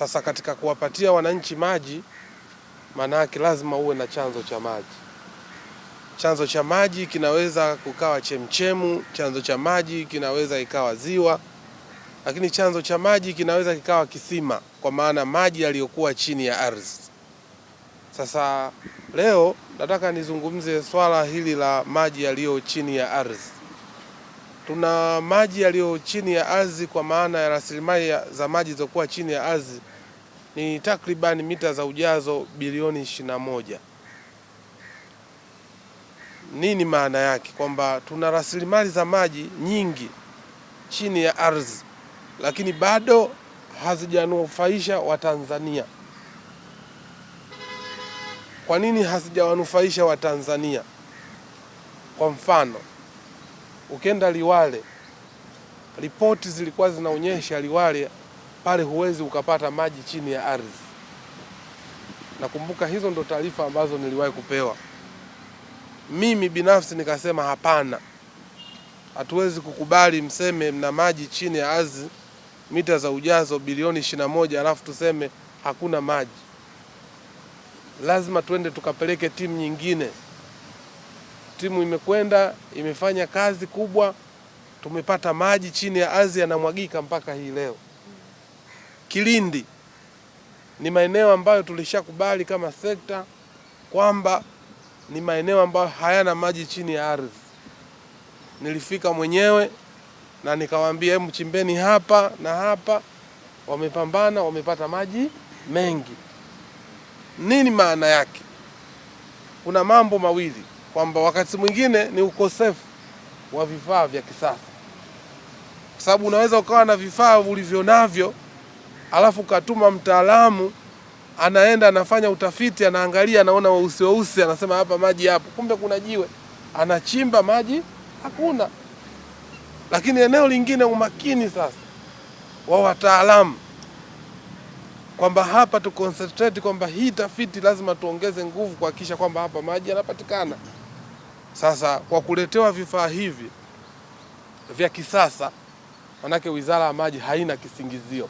Sasa katika kuwapatia wananchi maji, yake lazima uwe na chanzo cha maji. Chanzo cha maji kinaweza kukawa chemchemu, chanzo cha maji kinaweza ikawa ziwa, lakini chanzo cha maji kinaweza kikawa kisima, kwa maana maji yaliyokuwa chini ya ardhi. Sasa leo nataka nizungumze swala hili la maji yaliyo chini ya ardhi tuna maji yaliyo chini ya ardhi kwa maana ya rasilimali za maji zilizokuwa chini ya ardhi ni takriban mita za ujazo bilioni ishirini moja. Nini maana yake? Kwamba tuna rasilimali za maji nyingi chini ya ardhi, lakini bado hazijanufaisha Watanzania. Kwa nini hazijawanufaisha Watanzania? Kwa mfano Ukienda Liwale, ripoti zilikuwa zinaonyesha Liwale pale huwezi ukapata maji chini ya ardhi. Nakumbuka hizo ndo taarifa ambazo niliwahi kupewa. Mimi binafsi nikasema hapana, hatuwezi kukubali mseme mna maji chini ya ardhi mita za ujazo bilioni ishirini na moja alafu tuseme hakuna maji. Lazima tuende tukapeleke timu nyingine timu imekwenda imefanya kazi kubwa, tumepata maji chini ya ardhi yanamwagika mpaka hii leo. Kilindi ni maeneo ambayo tulishakubali kama sekta kwamba ni maeneo ambayo hayana maji chini ya ardhi. Nilifika mwenyewe na nikawaambia, hebu chimbeni hapa na hapa. Wamepambana, wamepata maji mengi. Nini maana yake? Kuna mambo mawili kwamba wakati mwingine ni ukosefu wa vifaa vya kisasa, kwa sababu unaweza ukawa na vifaa ulivyo navyo alafu ukatuma mtaalamu anaenda anafanya utafiti, anaangalia, anaona weusi weusi, anasema hapa maji hapo, kumbe kuna jiwe, anachimba maji hakuna. Lakini eneo lingine umakini sasa wa wataalamu kwamba hapa tu concentrate kwamba hii tafiti lazima tuongeze nguvu kuhakikisha kwamba hapa maji yanapatikana. Sasa kwa kuletewa vifaa hivi vya kisasa, manake Wizara ya Maji haina kisingizio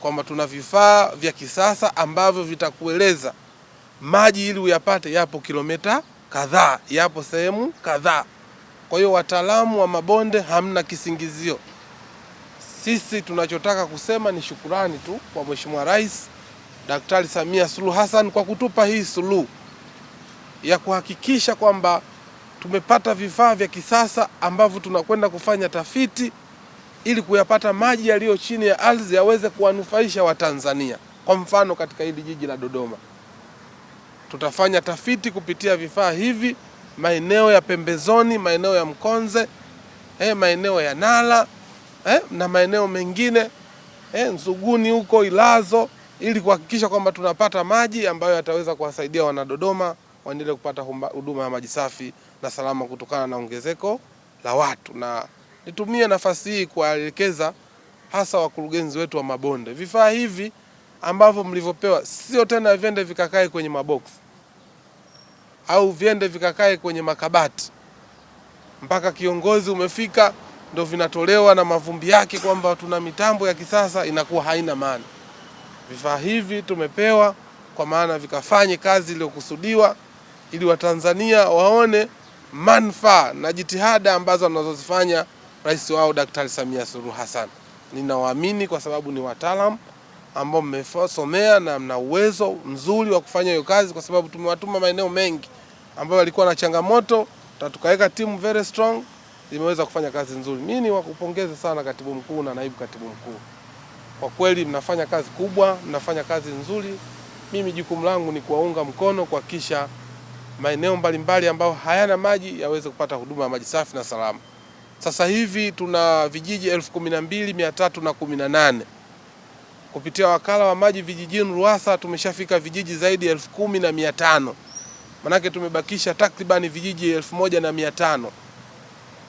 kwamba tuna vifaa vya kisasa ambavyo vitakueleza maji ili uyapate yapo kilomita kadhaa, yapo sehemu kadhaa. Kwa hiyo wataalamu wa mabonde hamna kisingizio. Sisi tunachotaka kusema ni shukurani tu kwa Mheshimiwa Rais Daktari Samia Suluhu Hassan kwa kutupa hii suluhu ya kuhakikisha kwamba tumepata vifaa vya kisasa ambavyo tunakwenda kufanya tafiti ili kuyapata maji yaliyo chini ya ardhi yaweze kuwanufaisha Watanzania. Kwa mfano, katika hili jiji la Dodoma tutafanya tafiti kupitia vifaa hivi maeneo ya pembezoni, maeneo ya Mkonze eh, maeneo ya Nala eh, na maeneo mengine eh, Nzuguni huko Ilazo, ili kuhakikisha kwamba tunapata maji ambayo yataweza kuwasaidia Wanadodoma waendelee kupata huduma ya maji safi na salama kutokana na ongezeko la watu, na nitumie nafasi hii kuwaelekeza hasa wakurugenzi wetu wa mabonde, vifaa hivi ambavyo mlivyopewa sio tena viende vikakae kwenye maboksi au vyende vikakae kwenye makabati mpaka kiongozi umefika ndo vinatolewa na mavumbi yake, kwamba tuna mitambo ya kisasa, inakuwa haina maana. Vifaa hivi tumepewa kwa maana vikafanye kazi iliyokusudiwa ili Watanzania waone manufaa na jitihada ambazo anazozifanya rais wao Daktari Samia Suluhu Hassan. Ninawaamini kwa sababu ni wataalam ambao mmesomea na mna uwezo mzuri wa kufanya hiyo kazi, kwa sababu tumewatuma maeneo mengi ambayo walikuwa na changamoto na tukaweka timu very strong, imeweza kufanya kazi nzuri. Mimi ni wakupongeze sana katibu mkuu na naibu katibu mkuu, kwa kweli mnafanya kazi kubwa, mnafanya kazi nzuri. Mimi jukumu langu ni kuwaunga mkono kuhakikisha maeneo mbalimbali ambayo hayana maji yaweze kupata huduma ya maji safi na salama. Sasa hivi tuna vijiji elfu kumi na mbili mia tatu na kumi na nane kupitia wakala wa maji vijijini RUWASA tumeshafika vijiji zaidi ya elfu kumi na mia tano manake tumebakisha takribani vijiji elfu moja na mia tano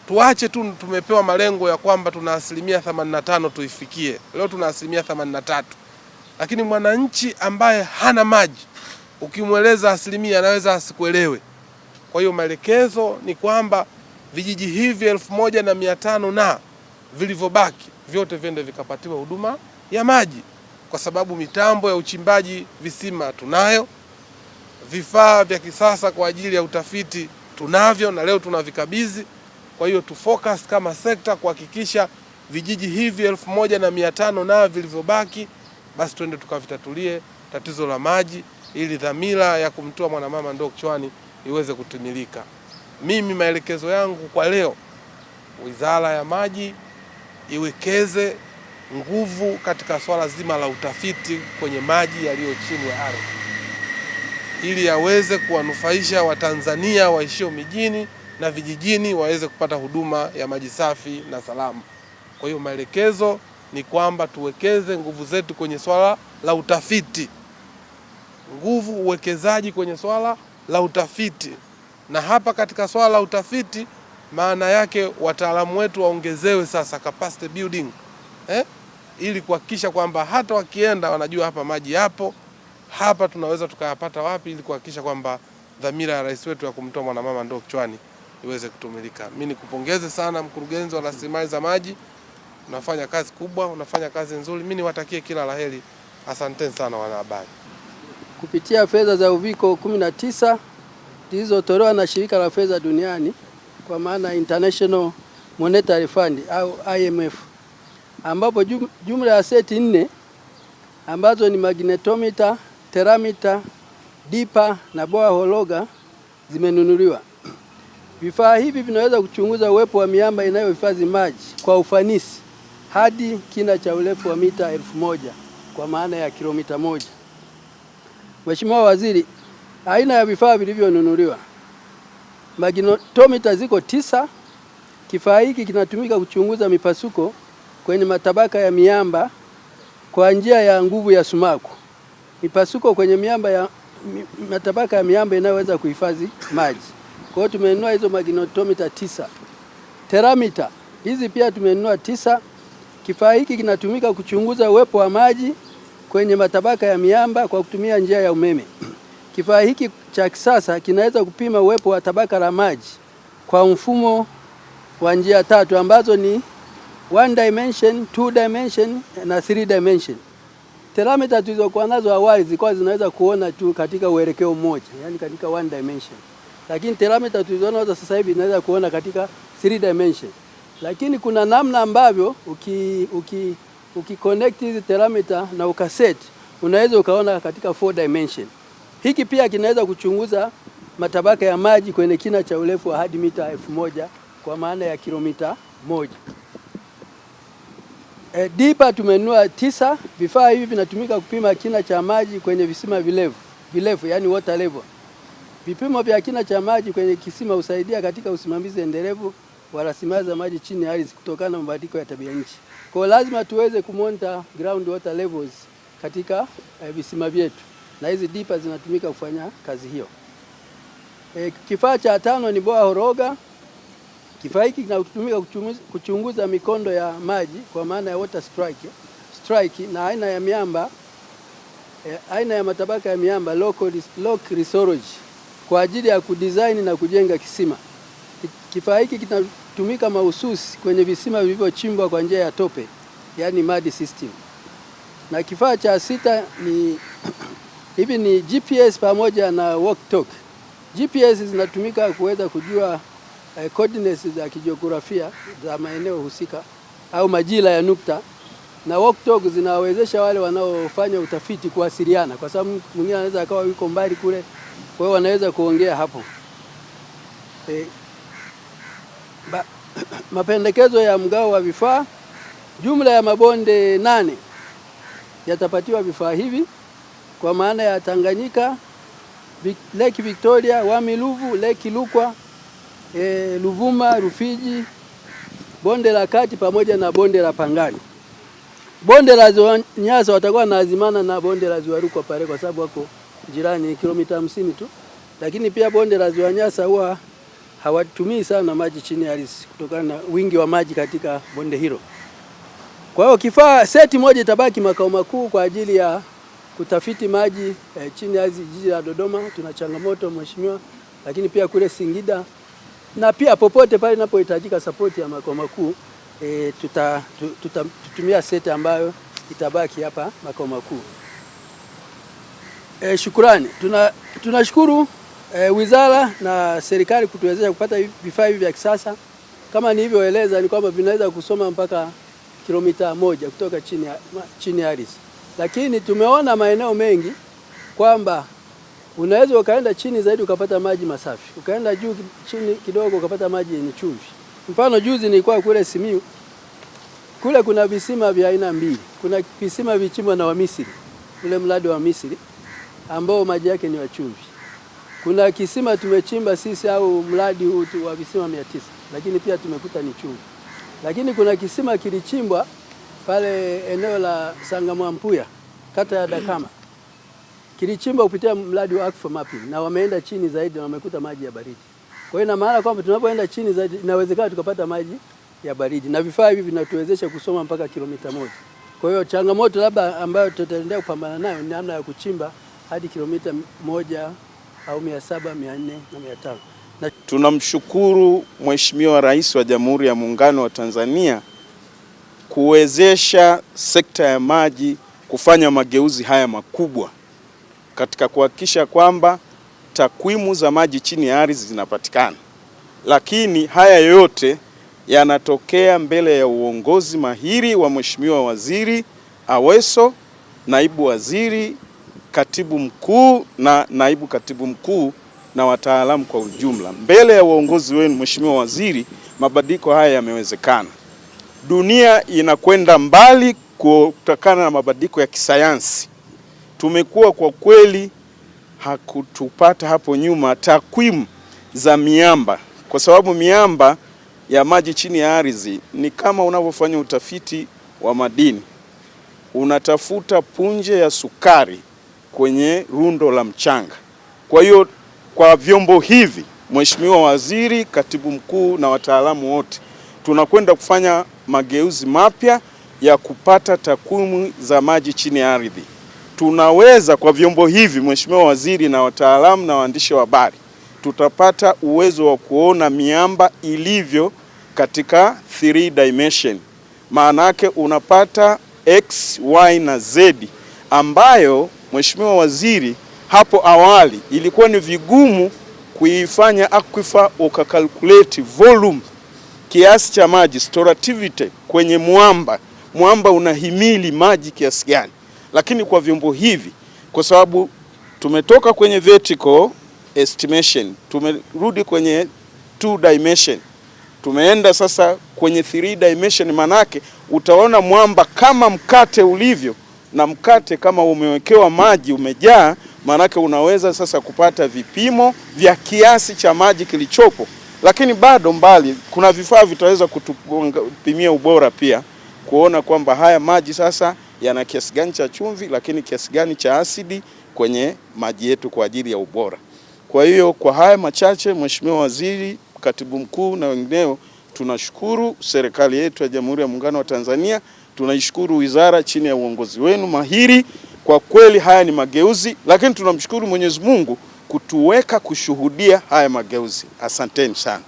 Tuache tu, tumepewa malengo ya kwamba tuna asilimia 85 tuifikie. Leo tuna asilimia 83, lakini mwananchi ambaye hana maji ukimweleza asilimia anaweza asikuelewe. Kwa hiyo maelekezo ni kwamba vijiji hivi elfu moja na mia tano na vilivyobaki vyote viende vikapatiwa huduma ya maji, kwa sababu mitambo ya uchimbaji visima tunayo, vifaa vya kisasa kwa ajili ya utafiti tunavyo, na leo tunavikabidhi. Kwa hiyo tu focus kama sekta kuhakikisha vijiji hivi elfu moja na mia tano na vilivyobaki, basi tuende tukavitatulie tatizo la maji ili dhamira ya kumtoa mwanamama ndoo kichwani iweze kutimilika. Mimi maelekezo yangu kwa leo, Wizara ya Maji iwekeze nguvu katika swala zima la utafiti kwenye maji yaliyo chini ya ardhi ili yaweze kuwanufaisha Watanzania waishio mijini na vijijini waweze kupata huduma ya maji safi na salama. Kwa hiyo maelekezo ni kwamba tuwekeze nguvu zetu kwenye swala la utafiti nguvu uwekezaji kwenye swala la utafiti, na hapa katika swala la utafiti maana yake wataalamu wetu waongezewe sasa capacity building eh, ili kuhakikisha kwamba hata wakienda wanajua hapa maji yapo, hapa tunaweza tukayapata wapi, ili kuhakikisha kwamba dhamira ya rais wetu ya kumtoa mwanamama ndoo kichwani iweze kutumilika. Mimi nikupongeze sana mkurugenzi wa rasilimali za maji, unafanya kazi kubwa, unafanya kazi nzuri. Mimi niwatakie kila laheri. Asanteni sana wanahabari kupitia fedha za uviko 19 zilizotolewa na shirika la fedha duniani kwa maana International Monetary Fund au IMF, ambapo jumla ya seti nne ambazo ni magnetometer, teramita dipa na boa hologa zimenunuliwa. Vifaa hivi vinaweza kuchunguza uwepo wa miamba inayohifadhi maji kwa ufanisi hadi kina cha urefu wa mita elfu moja kwa maana ya kilomita moja. Mheshimiwa Waziri, aina ya vifaa vilivyonunuliwa, maginotomita ziko tisa. Kifaa hiki kinatumika kuchunguza mipasuko kwenye matabaka ya miamba kwa njia ya nguvu ya sumaku. Mipasuko kwenye miamba ya matabaka ya miamba inayoweza kuhifadhi maji. Kwa hiyo tumenunua hizo maginotomita tisa. Teramita hizi pia tumenunua tisa. Kifaa hiki kinatumika kuchunguza uwepo wa maji kwenye matabaka ya miamba kwa kutumia njia ya umeme. Kifaa hiki cha kisasa kinaweza kupima uwepo wa tabaka la maji kwa mfumo wa njia tatu ambazo ni one dimension, two dimension na three dimension. Terameta tulizokuwa nazo awali zilikuwa zinaweza kuona tu katika uelekeo mmoja, yani katika one dimension. Lakini terameta tulizonazo sasa hivi inaweza kuona katika three dimension. Lakini kuna namna ambavyo uki, uki ukiconnect hizi thermometer na ukaset, unaweza ukaona katika four dimension. Hiki pia kinaweza kuchunguza matabaka ya maji kwenye kina cha urefu wa hadi mita elfu moja kwa maana ya kilomita moja. E, dipa tumenua tisa. Vifaa hivi vinatumika kupima kina cha maji kwenye visima vilevu, vilevu yani water level. Vipimo vya kina cha maji kwenye kisima husaidia katika usimamizi endelevu wa rasilimali za maji chini ya ardhi kutokana na mabadiliko ya tabia nchi. Kwa hiyo lazima tuweze kumonta ground water levels katika eh, visima vyetu na hizi dipa zinatumika kufanya kazi hiyo. E, kifaa cha tano ni boa horoga. Kifaa hiki kinatumika kuchunguza mikondo ya maji kwa maana ya water strike, strike na aina ya miamba e, aina ya matabaka ya miamba local, local resorology kwa ajili ya kudesign na kujenga kisima. Kifaa hiki yanatumika mahususi kwenye visima vilivyochimbwa kwa njia ya tope, yani mud system. Na kifaa cha sita ni hivi ni GPS pamoja na walk talk. GPS zinatumika kuweza kujua eh, coordinates za kijiografia za maeneo husika au majira ya nukta, na walk talk zinawawezesha wale wanaofanya utafiti kuwasiliana, kwa sababu mwingine anaweza akawa yuko mbali kule, kwa hiyo wanaweza kuongea hapo eh, ba, mapendekezo ya mgao wa vifaa. Jumla ya mabonde nane yatapatiwa vifaa hivi kwa maana ya Tanganyika, Lake Victoria, Wami-Ruvu, Lake Lukwa, e, Ruvuma, Rufiji, bonde la Kati pamoja na bonde la Pangani. Bonde la Ziwa Nyasa watakuwa naazimana na bonde la Ziwa Rukwa pale, kwa sababu wako jirani kilomita hamsini tu, lakini pia bonde la Ziwa Nyasa huwa hawatumii sana maji chini ya ardhi kutokana na wingi wa maji katika bonde hilo. Kwa hiyo kifaa seti moja itabaki makao makuu kwa ajili ya kutafiti maji e, chini ya ardhi. Jiji la Dodoma tuna changamoto mheshimiwa, lakini pia kule Singida na pia popote pale inapohitajika sapoti ya makao makuu e, tuta, tuta, tutumia seti ambayo itabaki hapa makao makuu. Eh, shukurani. Tuna tunashukuru E, wizara na serikali kutuwezesha kupata vifaa hivi vya kisasa kama nilivyoeleza, ni kwamba vinaweza kusoma mpaka kilomita moja kutoka chini ya chini ya ardhi, lakini tumeona maeneo mengi kwamba unaweza ukaenda chini zaidi ukapata maji masafi, ukaenda juu chini kidogo ukapata maji yenye chumvi. Mfano, juzi nilikuwa kule Simiu, kule kuna visima vya aina mbili. Kuna visima vichimbwa na Wamisri, ule mradi wa Misri ambao maji yake ni wa chumvi kuna kisima tumechimba sisi au mradi huu wa visima mia tisa lakini pia tumekuta ni chungu, lakini kuna kisima kilichimbwa pale eneo la Sangamwampuya kata ya Dakama kilichimbwa kupitia mradi wa Aquifer Mapping na wameenda chini zaidi na wamekuta maji ya baridi. Kwa hiyo ina maana kwamba tunapoenda chini zaidi inawezekana tukapata maji ya baridi, na vifaa hivi vinatuwezesha kusoma mpaka kilomita moja. Kwa hiyo changamoto labda ambayo tutaendelea kupambana nayo ni namna ya kuchimba hadi kilomita moja au mia saba, mia nne na mia tano. Na... tunamshukuru Mheshimiwa Rais wa Jamhuri ya Muungano wa Tanzania kuwezesha sekta ya maji kufanya mageuzi haya makubwa katika kuhakikisha kwamba takwimu za maji chini ya ardhi zinapatikana, lakini haya yote yanatokea mbele ya uongozi mahiri wa Mheshimiwa Waziri Aweso, naibu waziri katibu mkuu na naibu katibu mkuu na wataalamu kwa ujumla. Mbele ya uongozi wenu, Mheshimiwa Waziri, mabadiliko haya yamewezekana. Dunia inakwenda mbali kutokana na mabadiliko ya kisayansi. Tumekuwa kwa kweli, hakutupata hapo nyuma takwimu za miamba, kwa sababu miamba ya maji chini ya ardhi ni kama unavyofanya utafiti wa madini, unatafuta punje ya sukari kwenye rundo la mchanga. Kwa hiyo kwa vyombo hivi, Mheshimiwa Waziri, Katibu Mkuu na wataalamu wote, tunakwenda kufanya mageuzi mapya ya kupata takwimu za maji chini ya ardhi. Tunaweza kwa vyombo hivi, Mheshimiwa Waziri na wataalamu na waandishi wa habari, tutapata uwezo wa kuona miamba ilivyo katika 3 dimension. Maana yake unapata x y na z ambayo Mheshimiwa Waziri, hapo awali ilikuwa ni vigumu kuifanya Aquifer ukakalkulate volume kiasi cha maji storativity kwenye mwamba, mwamba unahimili maji kiasi gani, lakini kwa vyombo hivi kwa sababu tumetoka kwenye vertical estimation tumerudi kwenye two dimension, tumeenda sasa kwenye three dimension, manake utaona mwamba kama mkate ulivyo na mkate kama umewekewa maji umejaa, maanake unaweza sasa kupata vipimo vya kiasi cha maji kilichopo, lakini bado mbali, kuna vifaa vitaweza kutupimia ubora pia kuona kwamba haya maji sasa yana kiasi gani cha chumvi, lakini kiasi gani cha asidi kwenye maji yetu kwa ajili ya ubora. Kwa hiyo kwa haya machache, Mheshimiwa Waziri, Katibu Mkuu na wengineo, tunashukuru serikali yetu ya Jamhuri ya Muungano wa Tanzania Tunaishukuru wizara chini ya uongozi wenu mahiri, kwa kweli haya ni mageuzi, lakini tunamshukuru Mwenyezi Mungu kutuweka kushuhudia haya mageuzi. Asanteni sana.